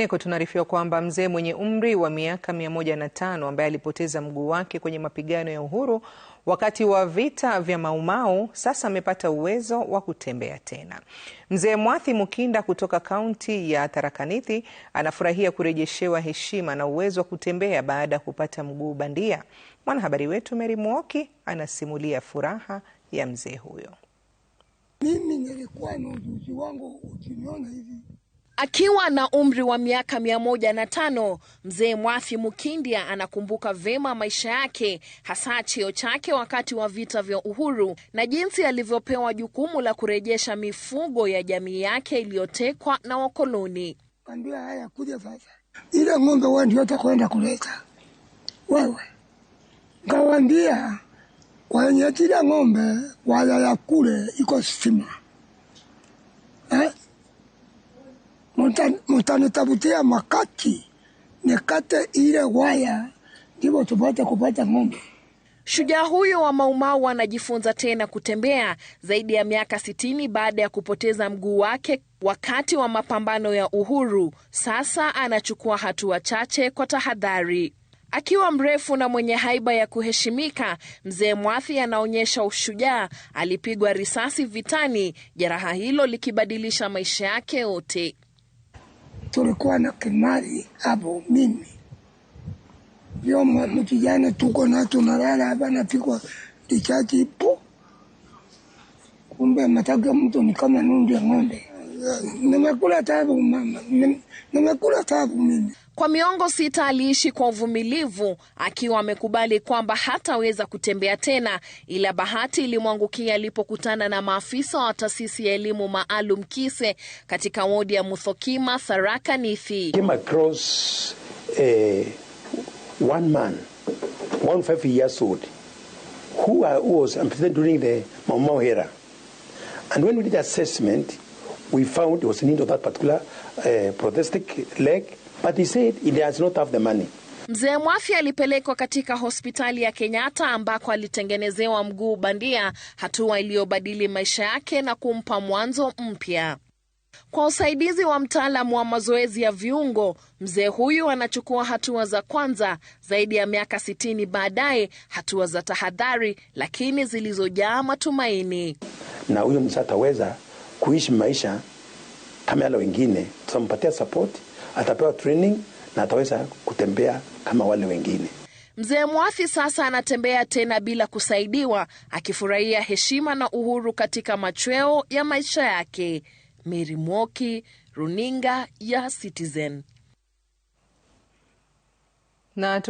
Niko tunaarifiwa kwamba mzee mwenye umri wa miaka 105 ambaye alipoteza mguu wake kwenye mapigano ya uhuru wakati wa vita vya Maumau sasa amepata uwezo wa kutembea tena. Mzee Mwathi Mukinda kutoka kaunti ya tarakanithi anafurahia kurejeshewa heshima na uwezo wa kutembea baada ya kupata mguu bandia. Mwanahabari wetu Mary Mwoki anasimulia furaha ya mzee huyo. Mimi nilikuwa na ujuzi wangu, ukiniona hivi Akiwa na umri wa miaka mia moja na tano, mzee Mwathi Mukindia anakumbuka vema maisha yake, hasa cheo chake wakati wa vita vya uhuru na jinsi alivyopewa jukumu la kurejesha mifugo ya jamii yake iliyotekwa na wakoloni. Kambia haya, kuja sasa, ile ng'ombe wewe ndio utakwenda kuleta wewe. Kawaambia wenye kila ng'ombe ya kule iko stima mutanitabutia makati nikate ile waya, ndivyo tupate kupata ng'ombe. Shujaa huyo wa Maumau anajifunza tena kutembea zaidi ya miaka sitini baada ya kupoteza mguu wake wakati wa mapambano ya uhuru. Sasa anachukua hatua chache kwa tahadhari. Akiwa mrefu na mwenye haiba ya kuheshimika, mzee Mwathi anaonyesha ushujaa. Alipigwa risasi vitani, jeraha hilo likibadilisha maisha yake yote tulikuwa na kimali hapo, mimi yo mkijana tuko na tunalala hapa, napigwa dichaji po, kumbe mataka mtu ni kama nundu ya ng'ombe nimekula tabu mama, nimekula tabu mimi. Kwa miongo sita aliishi kwa uvumilivu akiwa amekubali kwamba hataweza kutembea tena, ila bahati ilimwangukia alipokutana na maafisa wa taasisi ya elimu maalum KISE katika wodi ya Muthokima, Tharaka Nithi. Came across, eh, one man, one five years old, who was during the Mau Mau era. And when we did assessment, we found it was in need of that particular uh, eh, prosthetic leg, but he said he does not have the money. Mzee Mwafya alipelekwa katika hospitali ya Kenyatta ambako alitengenezewa mguu bandia, hatua iliyobadili maisha yake na kumpa mwanzo mpya. Kwa usaidizi wa mtaalamu wa mazoezi ya viungo, mzee huyu anachukua hatua za kwanza zaidi ya miaka sitini baadaye, hatua za tahadhari lakini zilizojaa matumaini. Na huyo mzee ataweza kuishi maisha kama yale wengine, tutampatia support, atapewa training na ataweza kutembea kama wale wengine. Mzee Mwathi sasa anatembea tena bila kusaidiwa, akifurahia heshima na uhuru katika machweo ya maisha yake. Mary Mwoki, runinga ya Citizen na